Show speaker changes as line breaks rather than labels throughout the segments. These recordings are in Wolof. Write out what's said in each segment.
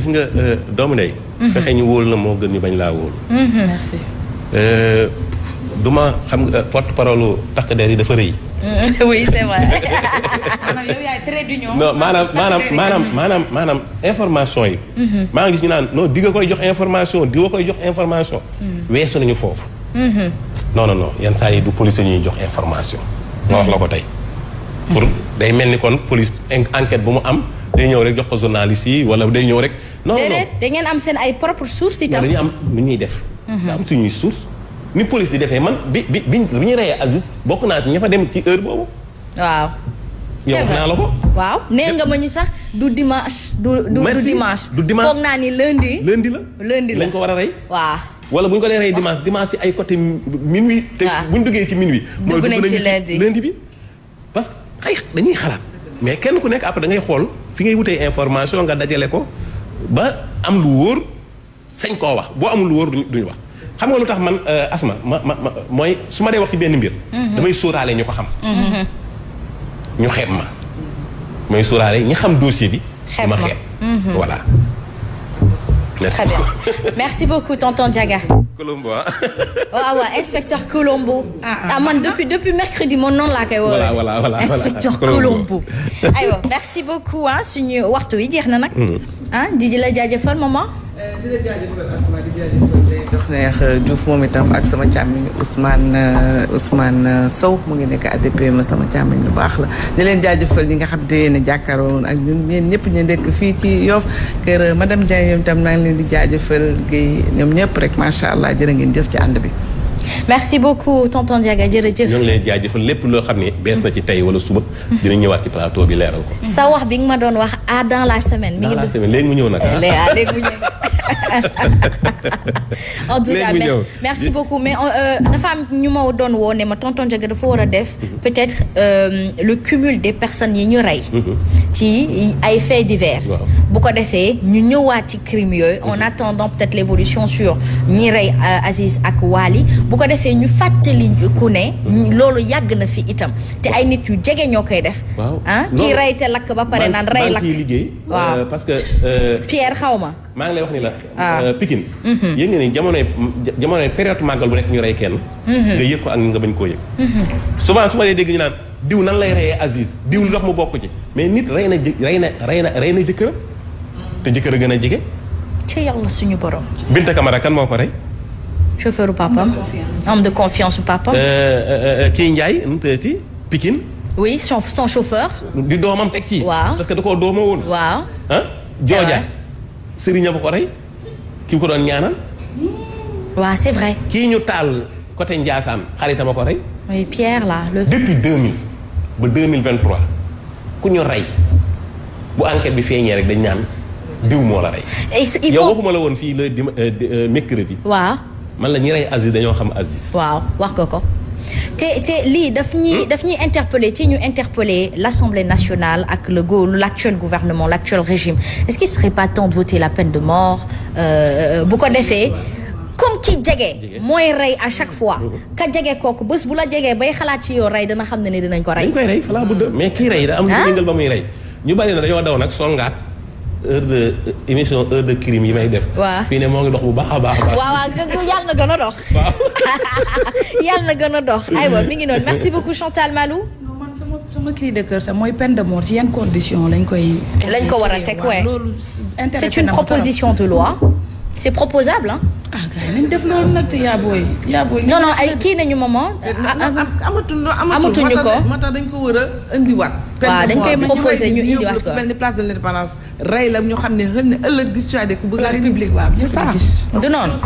gis nga euh, doomu ndey. Mhm. fexe ñu wóol na moo gën ñu bañ laa wóol.
Mhm, merci.
Euh, ma xam nga euh, porte parole takk der yi dafa rëy.
Mhm, oui c'est maanaam maanaam
maanaam information yi. maa ngi gis ñu naan non di koy jox information di koy jox information. weesu nañu foofu. non non yenn saa yi du police ñuy jox information. ma wax la ko tey. pour day mel ni kon police enquête bu mu am day ñëw rek jox ko journaliste yi wala day ñëw rek. non non déedéet
da ngeen am seen ay propre sources itam. dañuy am lu ñuy def. Mhm. am
suñuy source ni police di defee man bi bi bi ñu reyee Aziz bokk naa ña fa dem ci heure boobu.
waaw. yow naa la ko. waaw nee nga ma ñu sax du dimanche. du du du dimanche. du dimanche foog naa ni lundi. lundi la lañ ko war a rey. waaw.
wala bu ñu ko dee rey dimanche dimanche si ay côté minuit. te bu ñu duggee ci minuit. mooy dugg nañ ci lundi bi parce ay dañuy xalaat mais kenn ku nekk après dangay xool fi ngay wutee information nga dajale ko ba am lu wóor sañ koo wax boo amul lu wóor duñu wax xam nga lu tax man euh, asma ma ma mooy su ma dee wax ci benn mbir mhm. damay sóoraale ñu ko xam mhm. ñu xeeb ma mooy sóoraale ñi xam dossier bi ma xeeb mhm. voilà
merci beaucoup tonton Diaga Colombo ah. waaw oh, ah waaw inspecteur Colombo. Ah, ah. ah man depuis depuis mercredi moom noonu laa koy woowee. voilà voilà voilà inspecteur Colombo. aywa merci beaucoup ah suñu waxtu jeex na nag. Mm. ah di la jaajëfal di la jaajëfal Asma neex euh, Diouf moom itam ak sama càmmiñ Ousmane euh, Ousmane euh, Sow mu ngi nekk ma sama càmmiñ lu baax la li leen jaajëfal ñi nga xam te yéen a jàkkaaroon ak ñun ñeen ñëpp ñu nekk fii ci Yoff kër madame Diagne ñoom itam naa ngi leen di jaajëfal Guèye ñoom ñëpp rek macha allah jërë ngeen jëf ci ànd bi merci beaucoup tonton Diaga jërëjëf. ñoo ngi lay
jaajëfal lépp loo xam ne bees na ci tey wala suba. Mm-hmm. dina ñëwaat ci plateau bi leeral ko.
sa wax bi nga ma doon wax ah dans la semaine. mi ngi
léegi mu ñëw nag eh, ah léegi
mu ñëw. en tout cas merci beaucoup mais euh, euh, dafa am ñu ma doon woone ne ma tonton Diaga dafa war a def mhm. peut-être euh, le cumul des personnes yi ñu rey mhm. ci ay faits divers bu ko defee ñu ñëwaat ci crime yooyu en mhm. attendant peut-être l'évolution sur ñi rey Aziz ak Wali bu ko defee ñu fàttali ku ne loolu yàgg na fi itam te ay nit yu jege ñoo koy def ah kii rey te lakk ba pare naan rey
lakk Pierre xaw Ah. Euh, Pikine yëg nga ni jamonoy jamonoy période màggal bu nekk ñu rey kenn mhm. nga yëg ko ak nga bañ koo yëg mhm. souvent su ma dee dégg ñu naan diw nan lay reyee Aziz diw lu tax mu bokk ci mais nit rey na rey na na rey na jëkkëram te jëkkër a gën a jege
ci yàlla suñu borom
Binta Camara kan moo ko rey
chauffeur papam homme de confiance papam
euh, euh, kii Ndiaye nu mu tëddati Pikine son son chauffeur. di doomam teg ci. waaw parce que da koo doomoo woon. waaw ah jooja. ko rey. ki ko doon ñaanal. waaw c'est vrai. kii ñu taal côté Ndiassane xaritama ko rey.
oui Pierre là le. depuis deux mille
ba deux mille vingt trois ku ñu rey bu enquête bi feeñee rek dañ naan diw moo la rey. il yow waxuma la woon fii le euh, euh, mercredi. waaw man la ñuy rey Aziz dañoo xam
asi waaw wax ko ko. te te lii daf ñuy hmm? daf ñuy interpeller ci ñu interpeller l'Assemblée nationale ak le go l'actuel gouvernement l'actuel régime est-ce qu'il serait pas temps de voter la peine de mort euh, euh, bu ko defee comme ki jege mooy rey à chaque fois ka jege kooku bés bu la jege bay xalaat ci yow rey dana xam ne ni dinañ ko rey. dañ koy rey falaa ah.
mais kii rey da am lu ah. ba muy rey ñu bari na dañoo daw nag songaat heure de émission heure de crime yi may def. waaw fii ne moo ngi dox bu baax a baax. waaw
waaw yàlla na gën a dox. waaw na gën a dox. aywa mi ngi noonu merci beaucoup Chantal Malou. non man sama sama de cœur sax mooy peine de mort yan condition lañ koy. lañ ko war a teg waaye loolu. c'est une proposition de loi. c'est proposable ah. ah gars yi nañ def loolu nag te yaa booy. yaa booy ay kii nañu maman. Eh, amatuñu ko amatuñu ko moo tax dañ ko war a indiwaat. waaw dañ koy proposé ñu indiwaat ko rey la ñu xam ne xëy na ëllëg dissuadé ku bëgg a public waaw c'est ça du noonu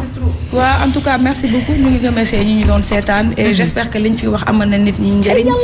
waaw en tout cas merci beaucoup ñu ngi remercier ñi ñu doon seetaan et mm-hmm. j'espère que liñ fi wax amal na nit ñi njariñ